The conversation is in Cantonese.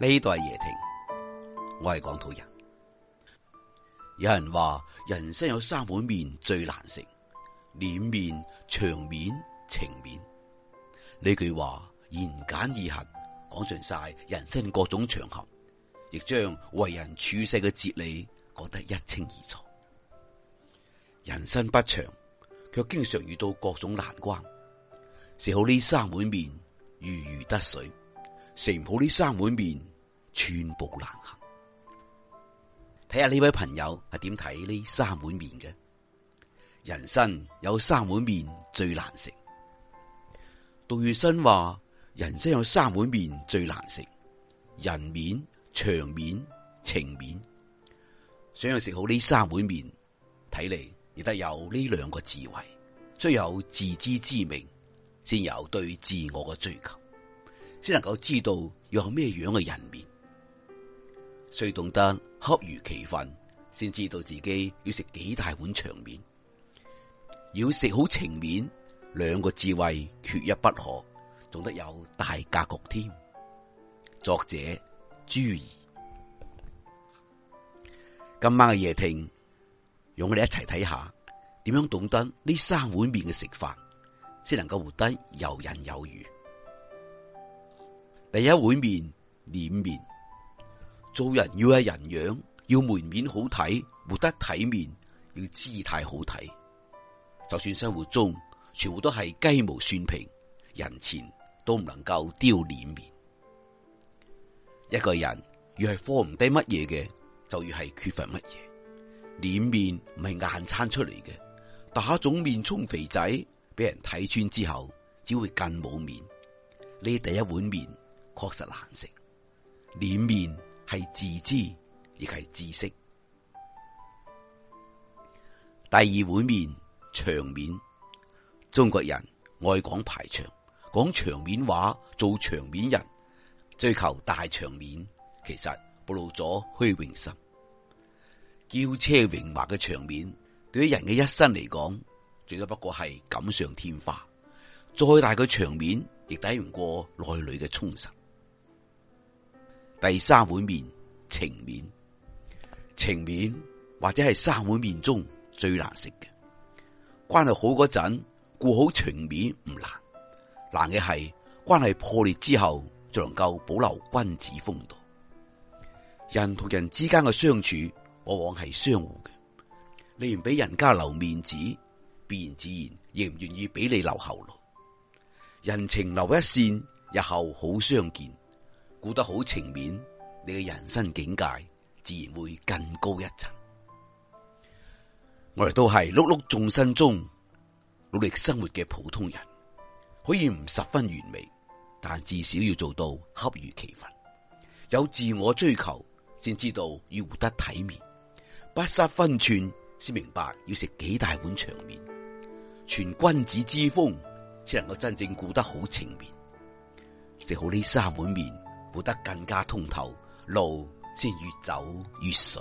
呢度係夜聽，我係港土人。有人話人生有三碗麵最難食，臉面、場面、情面。呢句話言簡意賅，講盡晒人生各種場合，亦將為人處世嘅哲理講得一清二楚。人生不長，卻經常遇到各種難關，食好呢三碗麵如魚得水，食唔好呢三碗麵。寸步難行。睇下呢位朋友係點睇呢三碗麵嘅？人生有三碗麵最難食。杜月笙話：人生有三碗麵最難食，人面、場面、情面。想要食好呢三碗麵，睇嚟，亦得有呢兩個智慧，最有自知之明，先有對自我嘅追求，先能夠知道有咩樣嘅人面。最懂得恰如其分，先知道自己要食幾大碗場面。要食好情面，兩個智慧缺一不可，仲得有大格局添。作者朱怡，今晚嘅夜聽，讓我哋一齊睇下點樣懂得呢三碗面嘅食法，先能夠活得游刃有餘。第一碗面，臉面。做人要係人樣，要門面好睇，活得體面，要姿態好睇。就算生活中全部都係雞毛蒜皮，人前都唔能夠丟臉面。一個人越係放唔低乜嘢嘅，就越係缺乏乜嘢。臉面唔係硬撐出嚟嘅，打腫面充肥仔，俾人睇穿之後，只會更冇面。呢第一碗麵確實難食。臉面係自知亦係知識。第二碗麵，場面，中國人愛講排場，講場面話，做場面人，追求大場面，其實暴露咗虛榮心。嬌奢榮華嘅場面，對於人嘅一生嚟講，最多不過係錦上添花。再大嘅場面，亦抵唔過內裏嘅充實。第三碗麵，情面，情面或者係三碗麵中最難食嘅。關係好嗰陣，顧好情面唔難，難嘅係關係破裂之後，就能夠保留君子風度。人同人之間嘅相處，往往係相互嘅。你唔俾人家留面子，必然自然亦唔願意俾你留後路。人情留一線，日後好相見。顧得好情面，你嘅人生境界自然會更高一層。我哋都係碌碌眾生中努力生活嘅普通人，可以唔十分完美，但至少要做到恰如其分。有自我追求，先知道要活得體面；不失分寸，先明白要食幾大碗場面。全君子之風，先能夠真正顧得好情面。食好呢三碗麵。活得更加通透，路先至越走越順。